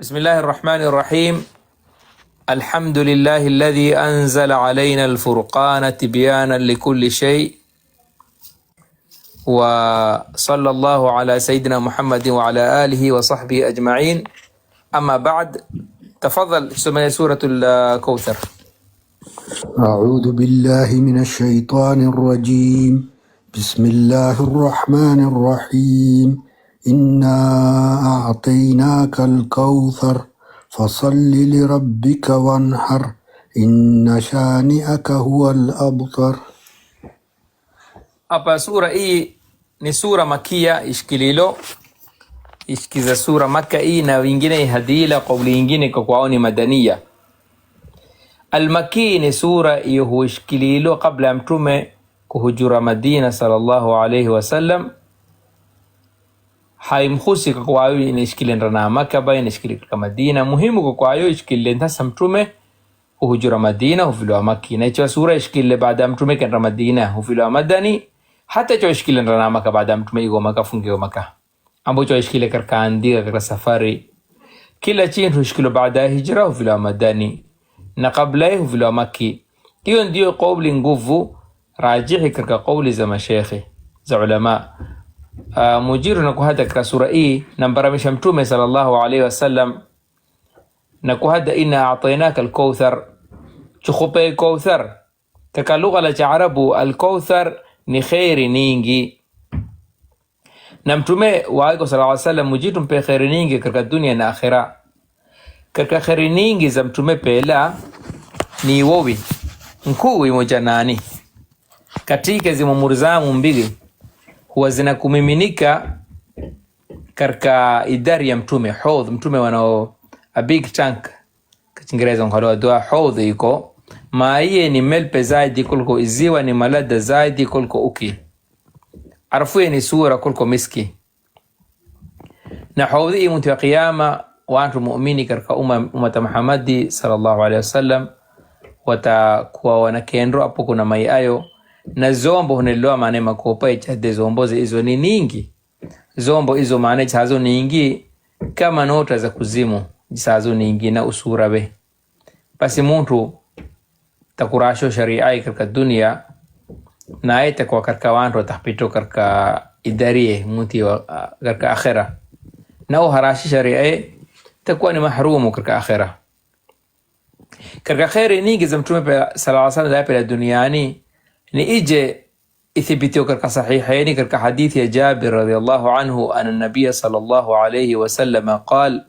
بسم الله الرحمن الرحيم الحمد لله الذي أنزل علينا الفرقان تبيانا لكل شيء وصلى الله على سيدنا محمد وعلى آله وصحبه أجمعين أما بعد تفضل سورة الكوثر أعوذ بالله من الشيطان الرجيم بسم الله الرحمن الرحيم إنا أعطيناك الكوثر فصل لربك وانحر إن شانئك هو الأبطر أبا سورة إي نسورة مكية إشكليلو إشكيزا سورة مكة إي نوينجيني هديلة قبل إنجيني كوكواني مدنية المكي نسورة إيه هو إشكليلو قبل أمتومي كهجور مدينة صلى الله عليه وسلم haimhusi kwa kwayo inaishikile ndana Makaba inaishikile katika Madina muhimu kwa kwayo ishikile ntasa mtume uhujura Madina hufilowa Maki na icho sura ishikile baada ya mtume kenda Madina hufilowa Madani hata icho ishikile ndana Maka baada ya mtume igo Maka fungeo Maka ambo icho ishikile karka andiga katika safari kila chintu ishikilo baada ya hijra hufilowa Madani na kabla hufilowa Maki iyo ndiyo kauli nguvu rajihi katika kauli za mashekhe za ulamaa uh, na kuhada katika sura hii nambaramisha Mtume sallallahu alaihi wasallam na kuhada inna atainaka alkauthar chukhupe kauthar kaka lugha la Kiarabu alkauthar ni khairi nyingi, na mtume waiko sallallahu alaihi wasallam mujitu mpe khairi nyingi katika dunia na akhira. Katika khairi nyingi za mtume pela ni wowi nkuu imoja nani katika zimumurizamu mbili huwa kumiminika katika idari ya mtume hod Mtume wanao a big tank kachingereza nkhaloodoa hod iko maiye ni melpe zaidi kulko iziwa ni malada zaidi kulko uki arfuye ni sura kulko miski na hodhi imuntu ya qiyama wantu muumini karka umata Muhammadi sallallahu alaihi wasallam watakuwa wanakendro apo kuna mai ayo na zombo hunelilowa maana makopa ichade zombo izo ni ningi zombo izo maana chazo ningi kama nota za kuzimu jisazo ningi na usura be basi muntu takurasho sharia ya karka dunia na naye kwa karka wanro tahpito karka idarie muti wa karka akhira na uharashi shariai e, takuwa ni mahrumu karka akhira karka khairi ningi za mtume sallallahu alaihi za pe duniani ni ije ithibitiyo katika sahihaini katika hadithi ya Jabir radhiyallahu anhu ana nabiya sallallahu alayhi wasallam qal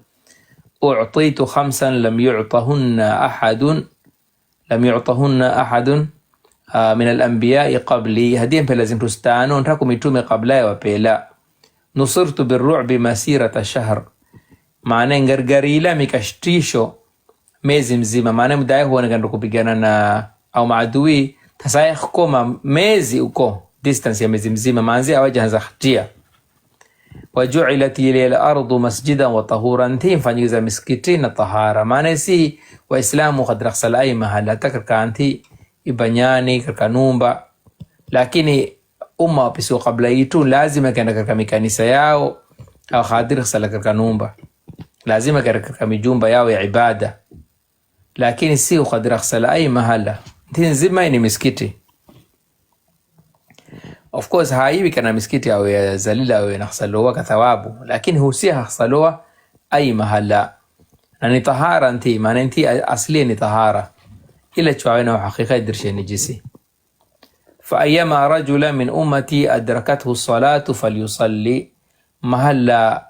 utitu khamsan lam yu'tahunna ahadun lam yu'tahunna ahadun uh, min al-anbiya'i qabli, hadithi mpela zintu stano ntako mitume kabla ya wapela nusirtu birru'bi masirata shahr, maana ngargarila mikashtisho mezi mzima, maana muda huwa kupigana na au maadui sasa mezi uko distance ya mezi mzima manzi awaja awajaanza hatia ju'ilat lil ardu masjidan wa tahuran thi fanyiza miskiti na tahara maana si waislamu kadraksala ay mahala takarkanti ibanyani kanumba lakini umma wapisu kabla itu lazima kenda karka mikanisa yao au hadir khadirsala numba lazima kenda karka mijumba yao ya ibada lakini si ukadraksala ay mahala nchi nzima ni misikiti. Of course haiwi kana misikiti au ya zalila au nakhsalowa ka thawabu, lakini husia nakhsalowa ai mahala na ni tahara nti maana nti asli ni tahara ila chwaena hakika dirshe nijisi fa ayama rajula min ummati adrakathu salatu falyusalli mahalla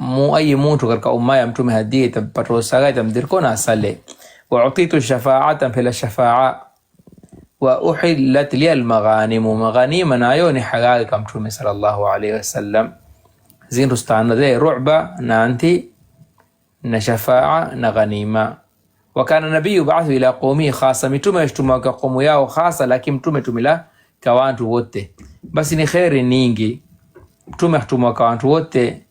مو أي موت katika umma ya mtume hadithi tapatwa sagai tamdirko na sale wa utitu shafa'atan wa uhillat liyal maghanimu maghanima nayo ni halali ka mtume sallallahu alaihi wasallam zindu stanade ru'ba na anti na shafaa na ghanima wa kana nabiyu ba'athu ila qaumihi khassa mitume yashtuma ka qaumu yao khassa lakini mtume tumila ka watu wote basi ni khairi nyingi mtume yashtuma ka watu wote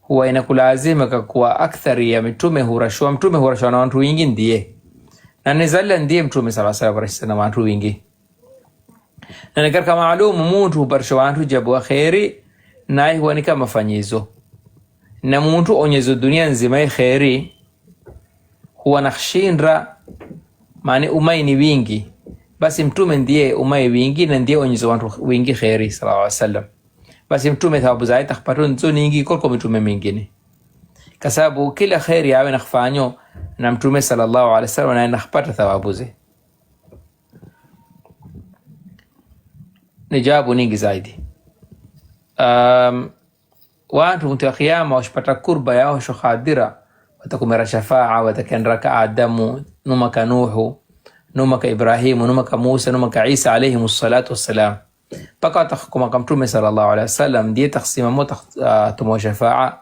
huwa inakulazima kwa akthari ya mitume hurashwa mtume hurashwa na watu wengi ndiye na nizalla ndiye mtume sala sala salam na watu wingi na nikar kama maalumu mtu barsha watu jabu wa khairi na kheri naye huwanika mafanyizo na mtu onyezo dunia nzima khairi kheri huwa nakhshindra maana umai ni wingi basi mtume ndiye umai wingi na ndiye onyezo watu wingi khairi sala alaihi wasallam basi mtume thawabu zaye takhpatun zo ningi kuliko mtume mingine kwa sababu kila kheri awe na kufanyo na Mtume sallallahu alaihi wasallam anaenda kupata thawabu zake. Ni jawabu nyingi zaidi. Um, watu mtakiama washipata kurba yao washokhadira watakumira shafaa watakendera Adamu numa ka Nuhu numa ka Ibrahimu numa ka Musa numa ka Isa alayhimu salatu wassalam mpaka watakuma ka Mtume sallallahu alaihi wasallam ndiye taksima mo tatumwa shafaa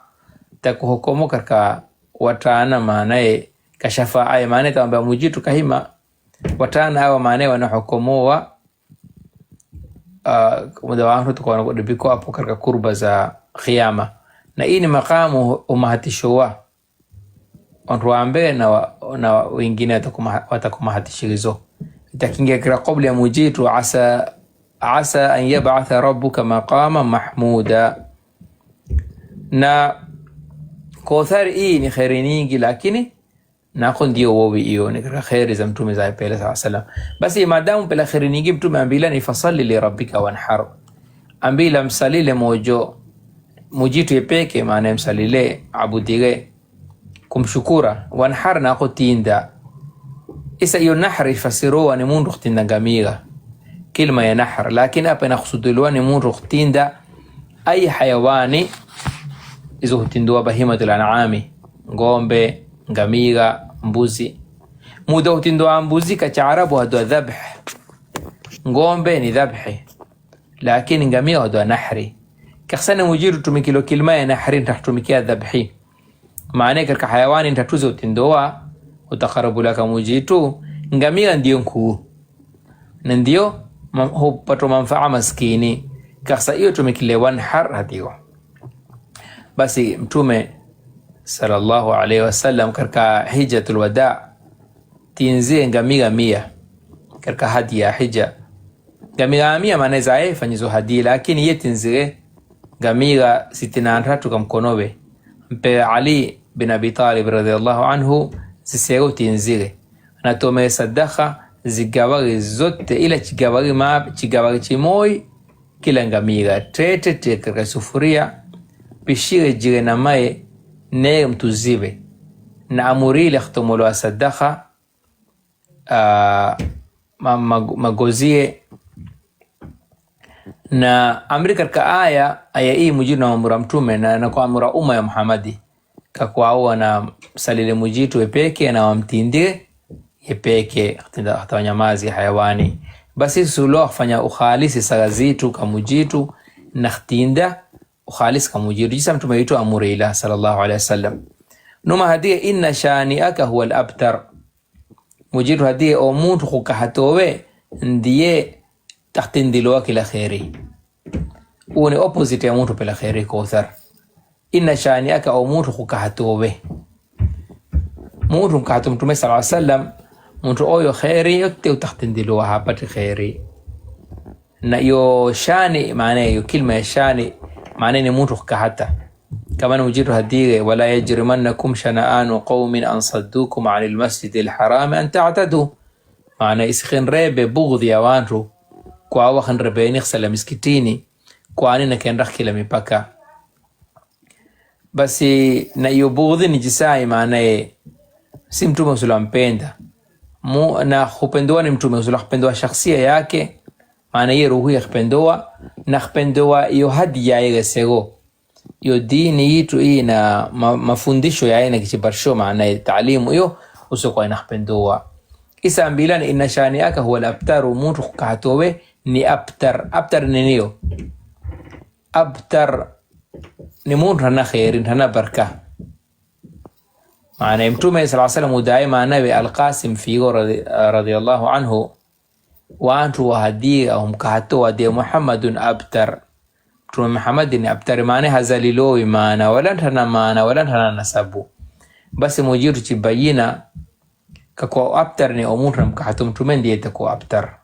takuhukumu karka watana maanaye kashafaaye maanaye tawambia mujitu kahima watana hawa maanaye wanahokomowa uh, muda wanu tukawanakudibiko hapo karka kurba za khiyama na ii ni makamu umahatishowa wantu wambe na wengine watakumahatishirizo itakingia kira qabla ya mujitu asa asa an yabatha rabbuka maqama mahmuda na Kothari hii ni kheri nyingi, lakini nako ndio hiyo ni katika kheri za mtume za pele sawa salam. Basi madamu pela kheri nyingi, mtume ambila ni fasali li rabbika wanhar, ambila msalile mojo mujitu yepeke, maana msalile abudige kumshukura wanhar nako tinda isa iyo nahri fasirowa ni mundu kutinda ngamiga kilma ya nahar, lakini apa inakusuduliwa ni mundu kutinda ay hayawani hizo hutindua bahimatul an'ami, ngombe, ngamiga mbuzi. Muda hutindua mbuzi kacha Arabu wadwa dhabh, ngombe ni dhabhi, lakini ngamia wadwa nahri. Kakhsana mujiru tumikilo kilma ya nahri nitatumikia dhabhi, maana katika hayawani nitatuzo utindoa utakarabu laka mujitu ngamia ndio nkuu na ndio hupatwa manfaa maskini. Kakhsa iyo tumikile wanhar hadiyo basi Mtume sallallahu alaihi wasallam katika hijatul wada tinzie ngamiga mia katika hadi ya hija ngamiga mia maana za yeye fanyizo hadi, lakini ye tinzie ngamiga sitini na tatu kamkonowe mpe Ali bin Abi Talib radhiyallahu anhu zisego na tome sadaka zigabari zote ila chigabari ma chigabari chimoi kila ngamiga tete tete katika sufuria pishire na maye neye mtuzire na amurile khtomolo sadaka magozie na amri katika aya aya hii mujitu na mamura mtume na, na kwa amura umma ya Muhammadi kakwao na salile mujitu yepeke na wamtindire yepeke hatawanyamazi hayawani basi sulo akufanya ukhalisi sagazitu kamujitu na khtinda khalis kamujirisa mtume wetu amurila sallallahu alaihi wasallam numa hadie inna shaniaka huwa al-abtar mujiru hadie o muntu kukahatowe ndiye takhtindilowa kila kheri uone opposite ya muntu pela kheri kothar inna shaniaka o muntu khukahatowe muntu nkahato mtume sallallahu alaihi wasallam muntu oyo kheri yote utakhtindilowa hapati kheri na yo shani maana yo kilma ya shani maana ni mtu kahata kama ni ujiru hadige wala yajrimannakum shana'anu qaumin an saddukum an almasjidi alharami an ta'tadu, maana isikhenrebe bughdhi ya wantu kwawa khenrebeni khsala miskitini kwani kenda kila mipaka basi na iyo bughdhi ni jisai, maana ye si mtume usulampenda na khupendwa ni mtume usulampendwa shakhsia yake ana yeruhu yakhpendowa nakhpendowa iyo hadi yaye gesego iyo dini yitu iyi na ma, mafundisho yaye na kichibarsho maana taalimu iyo usokuwa inakhpendowa isambilan ina shani yaka huwa labtaru muntu khukahatowe ni abtar abtar niniyo abtar ni muntu hana kheri hana barka maana mtume sala salam udaye maanawe alqasim figo radhiallahu anhu wantu wahadiga humkahato wade muhammadun abtar mtume muhammadin abtar maana hazalilowi maana wala ntana maana wala ntana nasabu basi mujiru chibayina kakwa abtar ni omuntu namkahato mtume ndiye abtar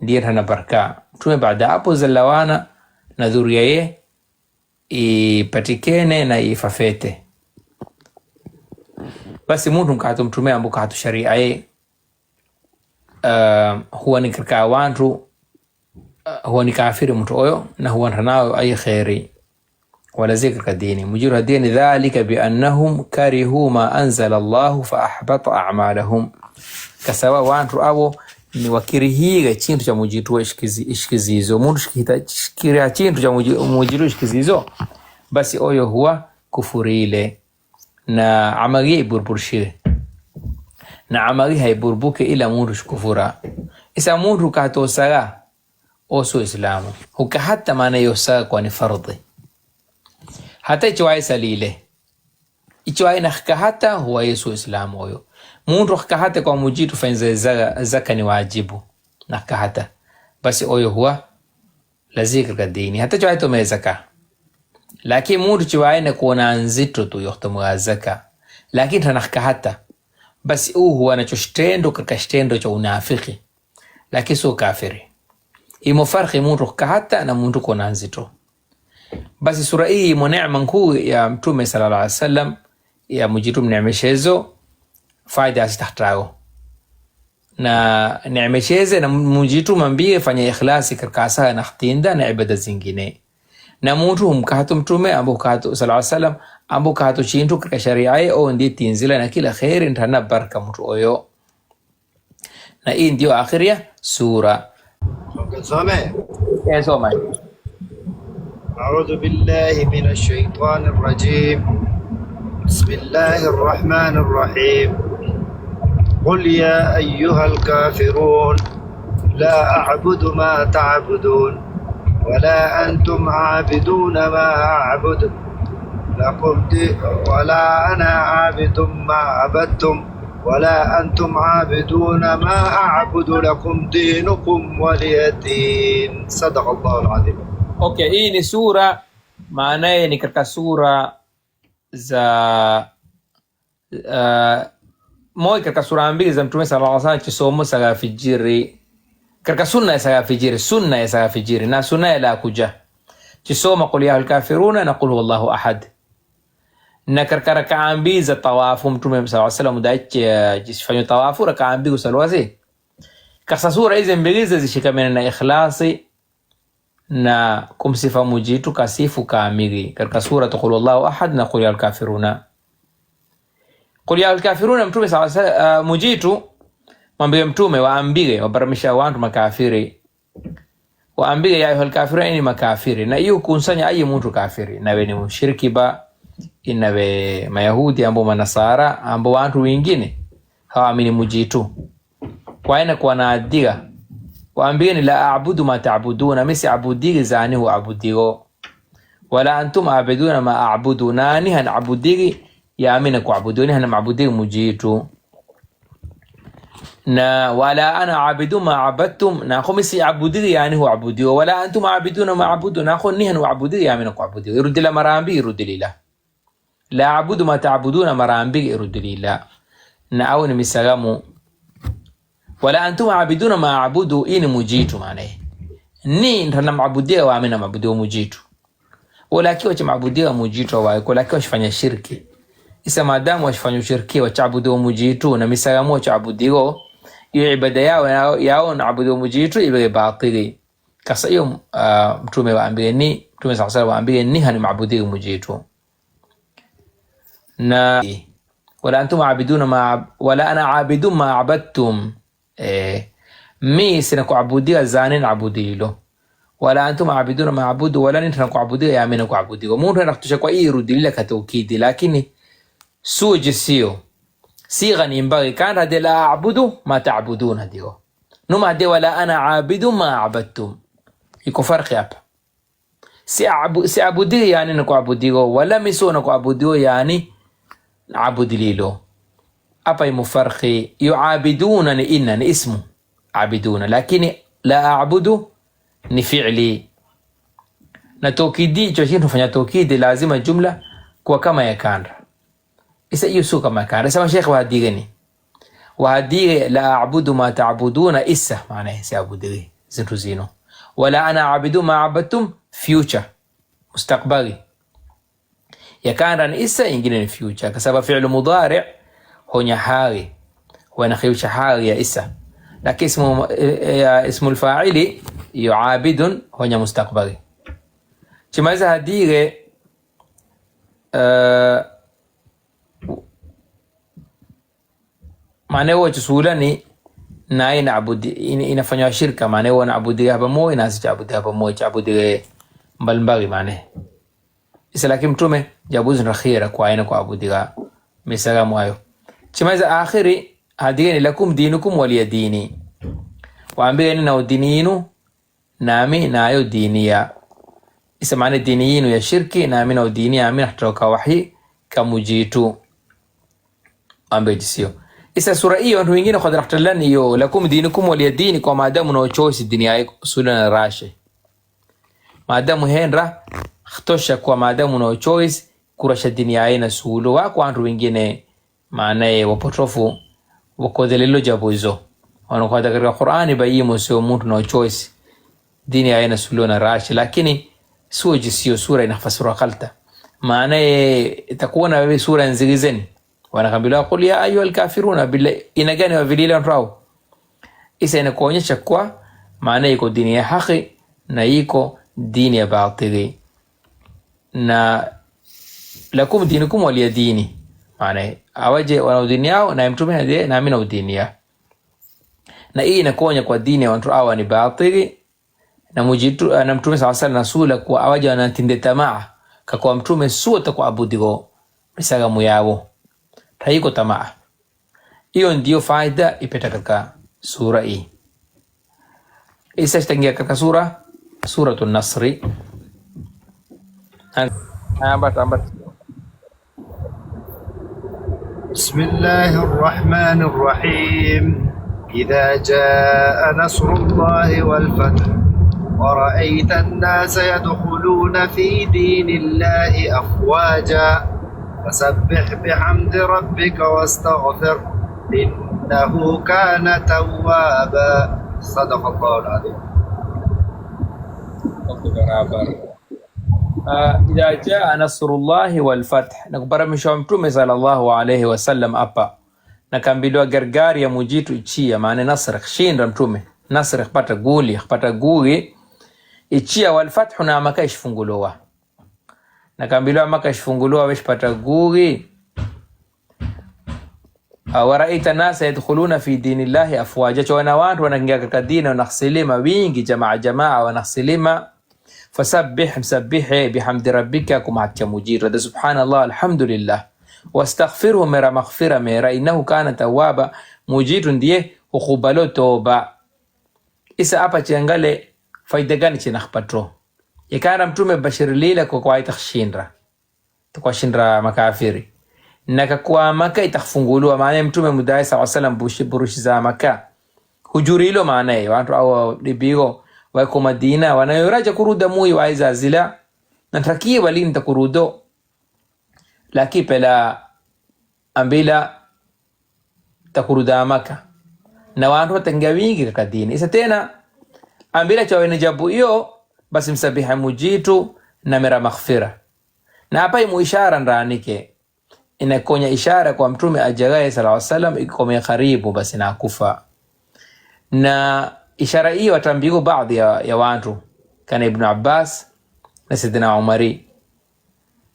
ndiye ntana barka mtume baada apo zalawana na dhuria ye ipatikene na ifafete basi muntu mkahato mtume ambo sharia ye uh, wantu uh, huwanikafiri mtu oyo na huwanranayo ay kheri wala zikirka dini mujiru dini dhalika biannahum karihuu ma anzala llahu faahbata amalahum kasaba wantu abo ni wakirihiga chintu cha mujitu ishikizizo mundu shikiria chintu cha mujiru ishikizizo basi oyo huwa kufurile na amagie burburshire na amali haiburbuke ila mundu shukufura isa mundu katosaga oso islamu huka hata maana kwa ni fardhi hata ichi wae salile ichi wae na nakhka hata huwa yesu islamu oyo mundu khka hata kwa mujitu fainza zaka ni wajibu na nakhka hata basi oyo huwa lazika katika dini hata chiwaye tome zaka lakini mundu chiwaye na kuona nzito tu yohtomuga zaka lakini tanakhka hata basi huu huwa nacho shtendo kaka shtendo cha unafiki, lakini sio kafiri. Imo farhi muntu kahata na mundu kona nzito. Basi sura hii imo neema nkuu ya Mtume sallallahu alaihi wasallam ya mujitu mneemeshezo faida asitahtao na neemesheze na mujitu mambie fanya ikhlasi katika asaa na na ibada zingine na mutu humkahatu mtume ambu hukahatu sallallahu alaihi ambu hukahatu chintu katika sharia ye oo ndi tinzila na kila kheri ntana baraka mtu oyo na hii ndio akhiria sura some yeah, soma أعوذ بالله من الشيطان الرجيم بسم الله الرحمن الرحيم قل يا أيها الكافرون لا أعبد ما تعبدون ولا أنتم عابدون ما أعبد لكم ولا أنا عابد ما عبدتم ولا أنتم عابدون ما أعبد لكم دينكم ولي دين صدق الله العظيم أوكي إيه سورة معناه ni katika sura za uh, eh, moja katika sura mbili مثلا mtume sala salam chisomo sala fijiri katika sunna ya sala fijiri, sunna ya sala fijiri na sunna ya la kuja chisoma qul ya alkafiruna na qul huwallahu ahad na katika rakaa mbili za tawafu mtume sallallahu alaihi wasallam daache eh, jisifanye tawafu rakaa mbili usalwazi kasa sura hizi mbili zishikamana na ikhlasi na kumsifa mujitu kasifu kamili katika sura qul huwallahu ahad na qul ya alkafiruna qul ya alkafiruna mtume sallallahu alaihi wasallam eh, mujitu mwambie mtume waambie waparamisha wantu makafiri waambie ya ayuhal kafiruna ini makafiri na iyo kunsanya ayi muntu kafiri nawe ni mshiriki ba inawe mayahudi ambo manasara ambo wantu wingine hawaamini mujitu kwaina waambie ni la abudu ma taabuduna misi abudigi zani hu abudigo wala antum abiduna ma abudu nani han abudigi yaamina kuabuduni han mabudigi mujitu na wala ana abidu ma abadtum na nako si abudidi yani huabudiwa wala antum abiduna ma abudu na nako nihan uabudidi yamina kuabudiwa irudila marambi irudilila la abudu ma taabuduna marambi irudilila na au ni misalamu wala antum abiduna ma abudu in mujitu mane ni ndana maabudia wa amina maabudia mujitu wala kiwa cha wa mujitu wa wala kiwa shifanya shirki isa madamu washifanya shirki wa wachabudia mujitu na misalamu misagamu wachabudiwa hiyo ibada yao yao naabudu mujitu ibile kasa hiyo uh, mtume waambie mtume sala sala waambie hani maabudi mujitu na wala antum aabiduna ma wala ana aabidu ma abadtum eh mi sina zanin abudilo wala antum aabiduna ma abudu wala nitana kuabudia ya amina kuabudia mundu anakutusha kwa hii lakini suji sio sighanimbagikana ade la abudu ma taabuduna dio numa ade wala ana abidu ma abadtum. Iko farki hapa, si abu si abudi yani na kuabudigo wala miso na kuabudigo yani abudililo hapa imu farki yuabiduna ni inna ni ismu abiduna, lakini la abudu ni fi'li na tokidi chochote kufanya tokidi lazima jumla kuwa kama yakanda Isa hiyo suka marka. Anasema Sheikh wahadigeni. Wahadige la a'budu ma ta'buduna isa maana ya siabudi zitu zino. ana a'budu ma abadtum future mustakbali. Ya isa ingine ni future kwa sababu fi'lu mudari' hunya hali wanakhiusha hali ya isa. Lakini ismu ya ismu alfa'ili yu'abidun hunya mustakbali. Chimaiza hadige uh, eh, maana wachisulani naye naabudu inafanywa shirka maana hapa wanaabudia pamoja nasi chaabudia pamoja chaabudia mbalimbali maana isalaki mtume jabuzi na khira kwa aina kwa abudia misalamu hayo chimaiza akhiri hadigeni lakum dinukum waliya dini ni na dini yenu nami nayo dini ya isa maana dini yenu ya shirki nami na dini ya yami natoka wahi kamujitu ambejisio Isa sura hiyo ntu ingine qad ikhtalana iyo lakum dinukum waliya dini, kwa maadamu na choice dini yako sulana rashe maadamu henra khtosha kwa maadamu na choice kurasha dini yae na suulo wako watu wengine maana maanaye wapotofu wakodhelelo jabo hizo wanakwata katika Qur'ani ba bayimo sio mtu na choice dini yae na suulo na rashe, lakini sio jisio sura inafasura kalta maana maanaye itakuwa na wewe sura nzigizeni wanakambiliwa qul ya ayuha lkafiruna bila ina gani wavilile wao. Isa ina kuonyesha kwa maana iko dini ya haki na iko dini ya batili, na lakum dinikum walia dini, maana awaje wana udini yao na mtume ndiye na mimi na udini ya na hii inakuonya kwa dini ya watu hawa ni batili na mujitu na mtume sawa sana sura kwa awaje wanatinde tamaa kakwa mtume suwa takuabudigo misagamu yao thaiko tamaa. Hiyo ndiyo faida ipeta katika sura hii. Isa itaingia katika sura Suratu Nasri. Ambat, ambat. Bismillahir Rahmanir Rahim. Idha jaa nasrullahi wal fath wa ra'aita an-nasa yadkhuluna fi dinillahi afwaja Fasabbih bihamdi rabbika wastaghfir innahu kana tawwaba. Sadaqallahul adhim. Idha jaa nasrullahi wal fath, na Mtume sallallahu wasallam hapa na gargari ya mujitu chia maana nasr shinda Mtume nasr pata guli pata guli ichia wal fath na nakambilo ama kashfunguliwa weshpata gughi waraita nasa yadkhuluna fi dinillahi afwaja, chawana wantu wanakingia katika dini wanakhsilima wingi jamaa jamaa wanakhsilima. Fasabih, msabihe eh, bihamdi rabbika mujira da subhanallah alhamdulillah wastaghfirhu mera maghfira mera innahu kana tawaba mujiru ndiye ukubalo toba. Isa apa chengale faida gani chinakhpatro ikana mtume bashiri lila kwa kwa itakhshindra tukwashindra makafiri nakakwa maka itakfunguliwa maana mtume mudai sa sawa salam za maka hujuri ilo maana maanaye watu au dibigo wako madina wa wanayoraja kuruda mui waiza zila natakie walinda kurudo laki pela ambila takuruda maka na watu watenga wingi kakadini isa tena ambila chawe chawenejabu iyo basi msabiha mujitu na mera maghfira na hapa imu ishara ndaanike inakonya ishara kwa mtume ajagaye sala alaihi wasallam ikome karibu basi nakufa na ishara hiyo watambigo baadhi ya, ya watu kana Ibnu Abbas na Sidina Umari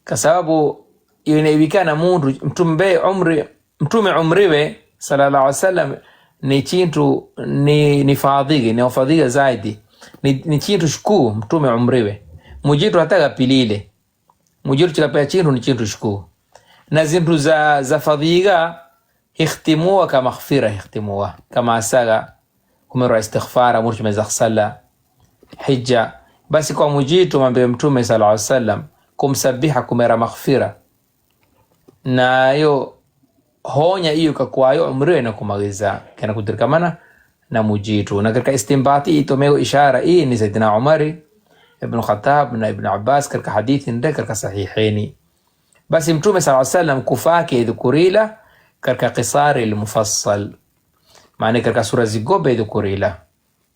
kwa sababu inaibikana mundu mtume umri mtume umriwe sallallahu alaihi wasallam ni chintu ni, ni fadhige ni fadhige zaidi ni chintu shikuu mtume umriwe mujitu atagapilile mujitu chikapea chintu ni chintu shikuu na zintu za, za fadhiga ikhtimuwa kama khfira ikhtimuwa kama asaga kumero istighfara murtu meza khsala hija basi kwa mujitu mambe mtume sala wa sallam kumsabiha kumera maghfira yo honya iyo kakuwa kakwayo umriwe na kumagiza kena kana mana نموجيتو نكرك استنباطي تميو إشارة اي إن سيدنا عمر ابن الخطاب من ابن عباس كرك حديث ذكر صحيحين بس يمتوم صلى الله عليه وسلم كفاك ذكريلا كرك قصار المفصل معنى كرك سورة زيقو بيذكريلا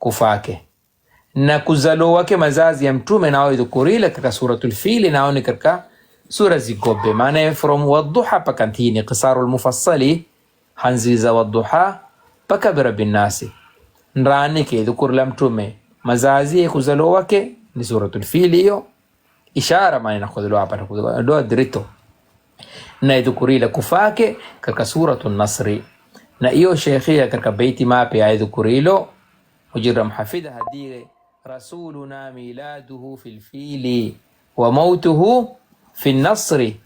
كفاك نكوزالو وكي مزاز يمتوم ناو ذكريلا كرك سورة الفيل ناو نكرك سورة زيقو بي معنى فروم والضحى بكانتيني قصار المفصلي حنزيزة والضحى بكبر بالناس ndani ke dhukur la mtume mazazi ya kuzalo wake ni suratul fil hiyo ishara maana na kuzalo hapa na kuzaliwa ndio drito na dhukuri la kufake katika suratul nasr na hiyo shekhia katika baiti mapi ya dhukuri hilo ujira hafidha hadire rasuluna miladuhu fil fili wa mautuhu fi nasri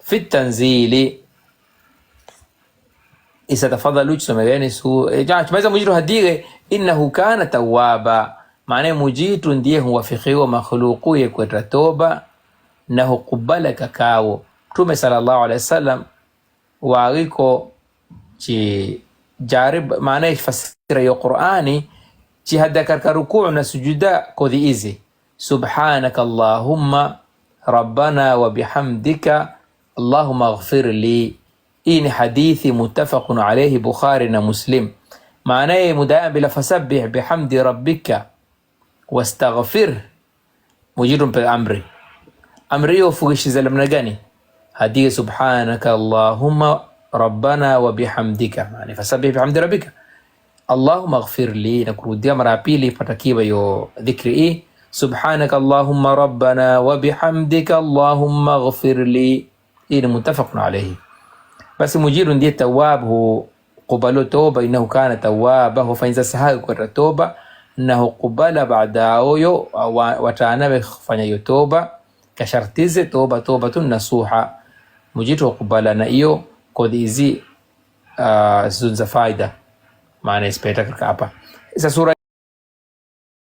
fi tanzili istatafadhalu chisomegeni su chimaiza mujitu hadire innahu kana tawaba maana mujitu ndiye huwafikhiwa makhluqu ye kweta toba na hukubala kakao mtume sallallahu alaihi wasallam wariko chi jarib maana fasira yo qur'ani chi hada karka rukuu na sujuda kodhi izi subhanaka allahumma rabbana wa bihamdika allahumma ighfir li Hii ni hadithi muttafaqun alayhi Bukhari na Muslim. Maana yeye mudaambila fasabbih bihamdi rabbika wastaghfir mujirum bil amri. Amri hiyo ufugishize namna gani? Hadithi subhanaka allahumma rabbana wa bihamdika. Maana fasabbih bihamdi rabbika allahumma ighfir li, na kurudia mara pili patakiwa hiyo dhikri hii subhanaka allahumma rabbana wa bihamdika allahumma ighfir li. Hii ni muttafaqun alayhi. Basi mujiru ndiye tawab hukubalo toba, inahu kana tawaba, hufanyiza sahahi kwa toba na hukubala baadaoyo, watanawe kufanya hiyo toba, kashartize toba toba tobatun nasuha, mujiru hukubala na hiyo kodi hizi ah, zunza faida maana ispeta kaka hapa sasa